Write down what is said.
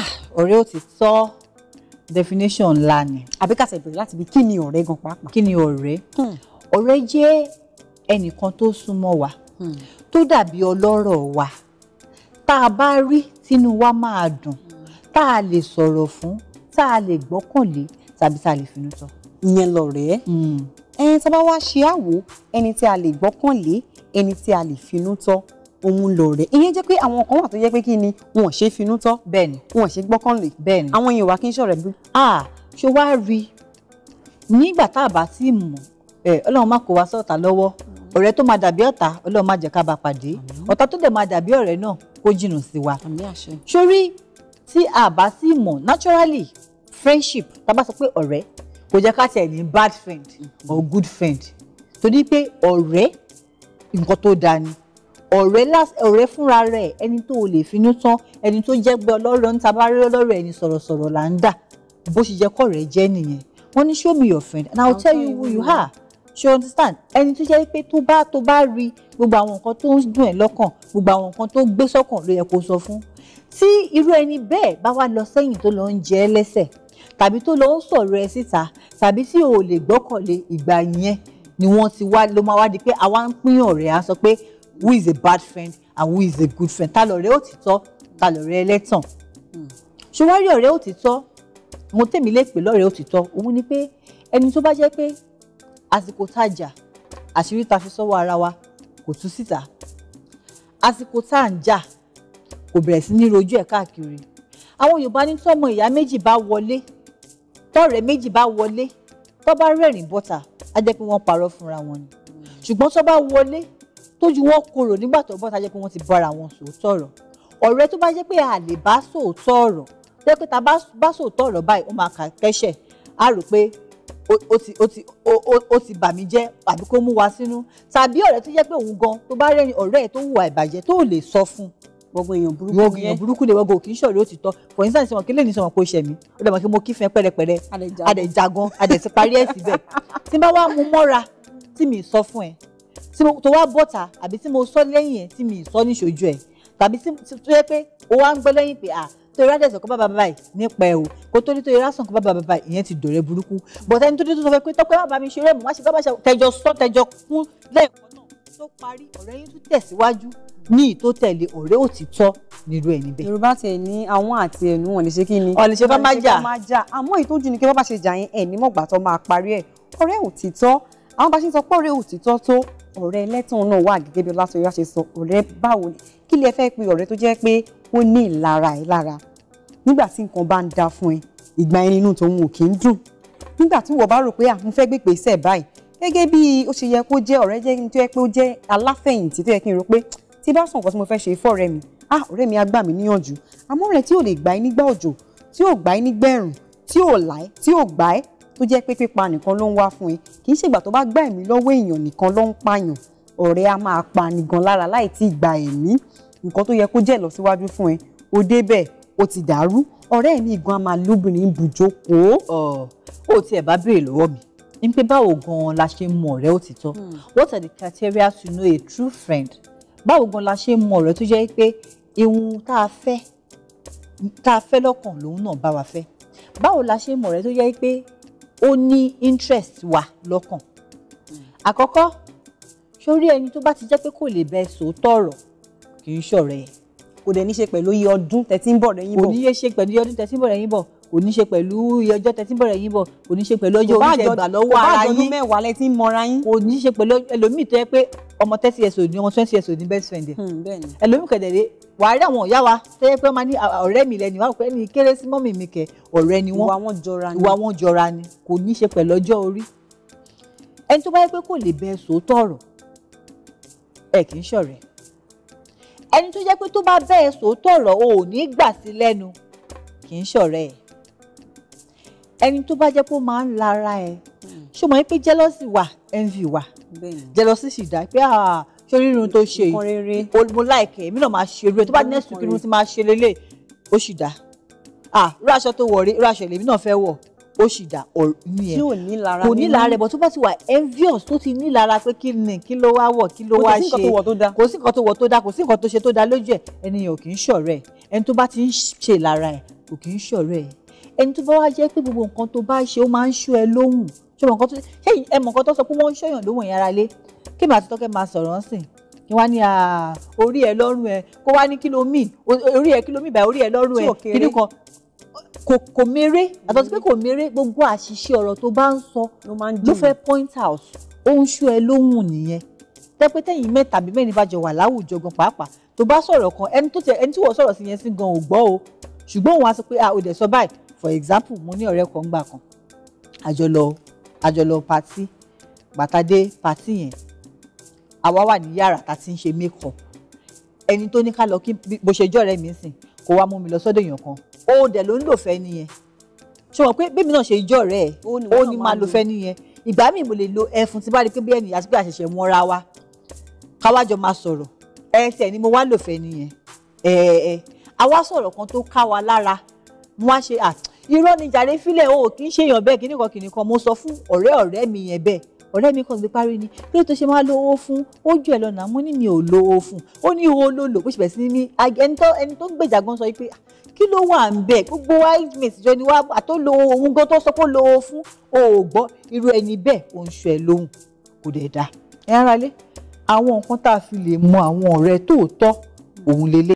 Ah, ọ̀rẹ́ ò ti sọ definition ńlá ni. àbí ká ṣe bẹ̀rẹ̀ láti bí kí ni ọ̀rẹ́ gan pàápàá. kí ni ọ̀rẹ́ hmm. ọ̀rẹ́ jẹ́ ẹnìkan tó súnmọ́ wa hmm. tó dàbí ọlọ́rọ̀ wa tá a bá rí tínú wa máa dùn hmm. tá a lè sọ̀rọ̀ fún tá a lè gbọ́kànlé tàbí tá a lè finú tọ̀. ìyẹn lọ̀rẹ́ ẹni tá a bá wá ṣe àwò ẹni tí a lè gbọ́kànlé ẹni tí a lè finú tọ̀ òun lòrè ìyẹn jẹ́ pé àwọn kan wà tó jẹ́ pé kí ni wọn ṣe finú tọ́ bẹ́ẹ̀ni wọn ṣe gbọ́kànlé bẹ́ẹ̀ni àwọn yẹn wà kí n ṣọ̀rẹ́ bí. ah ṣé wàá rí nígbà tá a bá sì mọ̀ ẹ Ọlọ́run má kó wa sọ̀tá lọ́wọ́ ọ̀rẹ́ tó máa dàbí ọ̀tá Ọlọ́run má jẹ́ ká bá pàdé ọ̀tá tó dẹ̀ máa dàbí ọ̀rẹ́ náà kó jìnnà sí wa. sórí tí a bá sì mọ̀ naturally friendship tá a bá sọ pé ọ̀rẹ́ kò jẹ́ ká tiẹ̀ ní bad friend mm-hmm. or good friend torí pé ọ̀rẹ́ nǹkan tó dáa ni ọ̀rẹ́ ọ̀rẹ́ fúnra rẹ̀ ẹni tó o lè finú tán ẹni tó jẹ́ pé ọlọ́rọ̀ ń tabá rí ọlọ́rọ̀ ẹni sọ̀rọ̀sọ̀rọ̀ là ń dà bó ṣe jẹ́ kọ̀rẹ́ jẹ́ nìyẹn wọ́n ní show me your friend and I will tell you who you are She understand ẹni tó jẹ́ pé tó bá tó bá rí gbogbo àwọn nǹkan tó ń dùn ẹ̀ lọ́kàn gbogbo àwọn nǹkan tó gbé sọ́kàn ló yẹ kó sọ fún tí irú ẹni bẹ́ẹ̀ bá wá lọ sẹ́yìn tó lọ ń jẹ lẹ́sẹ̀ tàbí tó lọ ń sọ̀rọ̀ ẹ síta tàbí tí o ò lè gbọ́kànlé ìgbà yẹn ni wọ́n ti wá ló máa wá di pé àwa ń pín ọ̀rẹ́ à sọ pé who is a bad friend and who is a good friend ta lọ̀rẹ́ òtítọ́ ta lọ̀rẹ́ ẹlẹ́tàn hmm. ṣùgbọ́n rí ọ̀rẹ́ òtítọ́ mo tèmi lè pè lọ́rẹ́ òtítọ́ òun ni pé ẹni tó bá jẹ́ pé àsìkò tá a jà àṣírí ta fi sọ́wọ́ ara wa kò tú síta àsìkò tá à ń jà kò bẹ̀rẹ̀ sí ní rojú ẹ̀ káàkiri àwọn Yorùbá ní tọ́mọ ìyá méjì bá wọlé tọ́rẹ̀ méjì bá wọlé tó bá rẹ́rìn bọ́ta á jẹ́ pé wọ́n parọ́ fúnra wọn ni hmm. ṣùgbọ́n tó bá wọlé tójú wọn korò nígbà tó bọ́ta jẹ́ pé wọ́n ti bára wọn sòótọ́ ọ̀rọ̀ ọ̀rẹ́ tó bá jẹ́ pé a lè bá sòótọ́ ọ̀rọ̀ tó yẹ pé ta bá sòótọ́ ọ̀rọ̀ báyìí ó máa kà kẹ́sẹ̀ á rò pé ó ti ó ti ó ti bà mí jẹ́ àbí kó mú wa sínú tàbí ọ̀rẹ́ tó jẹ́ pé òun gan tó bá rẹ́rìn ọ̀rẹ́ ẹ̀ tó hùwà ìbàjẹ́ tó lè sọ fún gbogbo èèyàn burúkú yẹn èèyàn burúkú lè wọgbọ kì í ṣọ̀rẹ́ òtítọ́ for instance wọn kí lè ní sọmọ pé ó ṣẹ̀mí ó dẹ̀ mọ̀ kí mo kí fẹ́ pẹ́rẹpẹ́rẹ adẹ̀ jagan adẹ̀ ti parí ẹ̀ síbẹ̀ tí bá wá mú mọ́ra tí mi sọ fún ẹ tí mo tó wá bọ̀tà àbí tí mo sọ lẹ́yìn ẹ̀ tí mi sọ ní ṣojú ẹ̀ tàbí tó yẹ pé ó wá ń gbọ́ lẹ́yìn pé à tó yẹ rádẹ̀ sọ̀kọ́ bàbá báyìí nípa ẹ̀ o kó tó ní tó yẹ rá sọ̀kọ́ bàbá báyìí ìyẹn ti dọ̀rẹ́ burúkú bọ̀tà ẹni tó dé tó sọ fẹ́ pé tọ́pẹ́ bàbá mi ṣeré mu wá ṣe bàbá ṣe tẹjọ sọ tẹjọ kún lẹ́ẹ̀kan náà tó parí ọ̀rẹ́ yín tún tẹ̀síwájú ní ìtó tẹ̀lé ọ̀rẹ́ òtítọ́ nírú ẹ̀ níbẹ̀. yorùbá tẹ ní àwọn àti ẹnu wọn lè ṣe ni. ọ̀ lè ṣe bá má jà àmọ́ ìtọ́jú ni kí wọ́n bá ṣe jà yẹn ẹ̀ nímọ̀gbà tó máa parí ẹ̀ ọ̀rẹ́ òtítọ́ àwọn bá ṣe ń sọ pé ọ̀rẹ́ òtítọ́ tó ọ̀rẹ́ ẹlẹ́tàn náà wà gẹ́gẹ́ bí Ọlátòyà ṣe sọ ọ̀rẹ́ báwo ni kí lẹ fẹ́ pe ọ̀rẹ́ tó jẹ́ pé ó ní ìlara ẹ̀ lára nígbà tí nǹkan bá ń da fún ẹ ìgbà ẹni inú tòun ò kí ń dùn nígbà tí wọ́n bá rò pé à ń fẹ́ gbé ìgbésẹ̀ báyìí gẹ́gẹ́ bí ó ṣe yẹ kó jẹ́ ọ̀rẹ́ jẹ́ tó yẹ pé ó jẹ́ aláfẹ̀yìntì tó yẹ kí n rò pé tí bá sọ nǹkan tí mo fẹ́ ṣe fọ́ọ̀rẹ́ ah ọ̀rẹ́ mi á gbà mí níyànjú àmọ́ ọ̀rẹ́ tí ò lè gbà ẹ́ nígbà òjò tí ò gbà ẹ́ nígbà ẹ̀rùn tí ò tó jẹ́ pé pípa nìkan ló ń wá fún ẹ kì í ṣègbà tó bá gbà ẹ̀mí lọ́wọ́ èèyàn nìkan ló ń pààyàn ọ̀rẹ́ a máa pa nìgan lára láì tí ì gba ẹ̀mí nǹkan tó yẹ kó jẹ́ ìlọsíwájú fún ẹ o débẹ̀ o ti dàrú ọ̀rẹ́ mi gan a máa lóbìnrin bùjókòó. ọ ò tiẹ̀ bá béèrè lọ́wọ́ mi ní pé báwo gan-an la ṣe mọ ọ̀rẹ́ òtítọ́ hmm. what are the criteria to know a true friend báwo gan-an la ṣe mọ ọ̀rẹ́ tó jẹ́ pé ihun tá a fẹ́ tá a fẹ́ lọ́kàn lòun náà bá wa fẹ́ báwo la ṣe mọ ọ̀rẹ́ tó jẹ́ pé ó ní interest wa lọ́kàn àkọ́kọ́ sórí ẹni tó bá ti jẹ́ pé kò lè bẹ sòótọ́ ọ̀rọ̀ kì í ṣọ̀rẹ́ ẹ̀ kò dẹ̀ ní ṣe pẹ̀lú iye ọdún tẹ̀tí ń bọ̀ lẹ́yìn bọ̀ kò ní ṣe pẹ̀lú iye ọdún tẹ̀tí ń bọ̀ lẹ́yìn bọ̀ kò ní ṣe pẹ̀lú iye ọjọ́ tẹ̀tí ń bọ̀ lẹ́yìn bọ̀ kò ní ṣe pẹ̀lú ọjọ́ orí tẹ̀gbà lọ́wọ́ ara yín kò bá ọdún mẹ́wàá lẹ́tí ń mọra yín kò ní ṣe pẹ̀lú ẹlòmíì tó yẹ pé ọmọ thirty years old ni ọmọ twenty years old ni best friend ẹ hmm, ẹlòmíì kẹ̀dẹ̀ wàá rí àwọn ìyá wa tẹ́yẹ pé máa ní ọ̀rẹ́ mi lẹ́nu ìwà òpẹ́ ní kérésìmọ́ mi mi kẹ̀ ọ̀rẹ́ ni wọ́n ìwà wọn jọra ni kò ní í ṣe pẹ̀lú ọjọ́ orí ẹni tó bá yẹ pé kò lè bẹ sòótọ́ ọ̀rọ̀ ẹ kì í ṣọ̀rẹ́ ẹni tó jẹ́ pé tó bá bẹ́ sòótọ́ ọ̀rọ̀ o ò ní gbà sí lẹ́nu kì í ṣọ̀rẹ́ ẹ ẹni tó bá jẹ́ pé ó máa ń lara ẹ hmm. ṣó mọ̀ pé jẹ́lọ́sì wà envy ṣé rírun tó ṣe yìí mo láìkẹ́ èmi náà máa ṣe irú ẹ̀ tó bá ní next week irun ti máa ṣe lélẹ̀ ó sì dá ah irú aṣọ tó wọ̀ rí irú aṣọ lèmi náà fẹ́ wọ̀ ó sì dá ọ̀mí ẹ̀ kò ní lára kò ní lára ẹ̀ bọ̀ tó bá ti wà envious tó ti ní lára pé kí ni kí ló wá wọ̀ kí ló wá ṣe kò sí nǹkan tó wọ̀ tó dá kò sí nǹkan tó ṣe tó dá lójú ẹ̀ ẹnìyàn ò kì í ṣọ̀rẹ́ ẹ̀ ẹni tó bá ti ń ṣe lára ẹ̀ kò kì í ṣọ̀rẹ́ ẹ̀ ẹni tó bá wá jẹ́ pé gbogbo nǹkan tó bá ṣe ó máa ń ṣú ẹ lóhùn ṣé ẹ mọ̀ nǹkan tó sọ pé wọ́n ń ṣọ̀yàn lóhùn ìyára lé kí màá ti tọ́kẹ́ máa sọ̀rọ̀ ńsìn kí wọ́n á ní orí ẹ lọ́rùn ẹ kó wá ní kílómì orí ẹ kílómì báyìí orí ẹ lọ́rùn ẹ kíní kan kò méré àtọ́sí pé kò méré gbogbo àṣìṣe ọ̀rọ̀ tó bá ń sọ ló fẹ́ point out ó ń ṣú ẹ lóhùn nìyẹn tẹ́pẹ́ tẹ́yìn mẹ́ta àbí mẹ́rin bá jọ wà láwùjọ gan pàápàá tó bá sọ̀rọ̀ kan ẹni tó tẹ ẹni tí wọ́n sọ̀rọ̀ sí yẹn sí gan ò gbọ́ o ṣùgbọ́n òun á sọ pé ah o dẹ̀ sọ báyìí for example mo ní ọ̀rẹ́ kan gbà kan àjọlọ àjọlọ pati gbàtàdé pati yẹn àwa wà ní yàrá tá a ti ń ṣe make up ẹni tó ní ká lọ kí bó ṣe jọ́ọ̀rẹ́ mi sìn kó wá mú mi lọ sọ́dọ̀ èèyàn kan ó dẹ̀ ló ń lò fẹ́ nìyẹn ṣé wọn pé bẹ́ẹ̀ mi náà ṣe ìjọ́ọ̀rẹ́ ẹ̀ ó ní máa lò fẹ́ nìyẹn ìgbà míì mo lè lo ẹfun tí bá rí pé bí ẹnìyà sí pé àṣẹ̀ṣẹ̀ wọn ra wa káwájọ máa sọ̀rọ̀ ẹsẹ̀ ni mo wá lò fẹ́ nìyẹn ẹ̀ẹ́ àwa sọ̀rọ̀ kan tó ká wa lára mo wá ṣe irọ́ ni jàre fílẹ̀ o kì í ṣèyàn bẹ́ẹ̀ kíníkan kíníkan mo sọ fún ọ̀rẹ́ ọ̀rẹ́ mi yẹn bẹ́ẹ̀ ọ̀rẹ́ mi kan gbé parí ni kí ló tó ṣe máa lo owó fún ó ẹ̀ lọ́nà mo ní mi ò lo owó fún ó ní owó ló lò bó ṣe bẹ̀ sí ní ẹni tó ń gbèjà gan sọ pé ah, kí ló wà ń bẹ̀ gbogbo wildmate jọ ni wá àtó lo ohun gan tó sọ pé ó lo owó fún o ò irú ẹni bẹ́ẹ̀ ò ń ṣọ ẹ lóhùn kò dẹ̀ da ẹ ara lé àwọn nǹkan tá a fi lè mọ àwọn ọ̀rẹ́ tóòtọ́ òun lélẹ́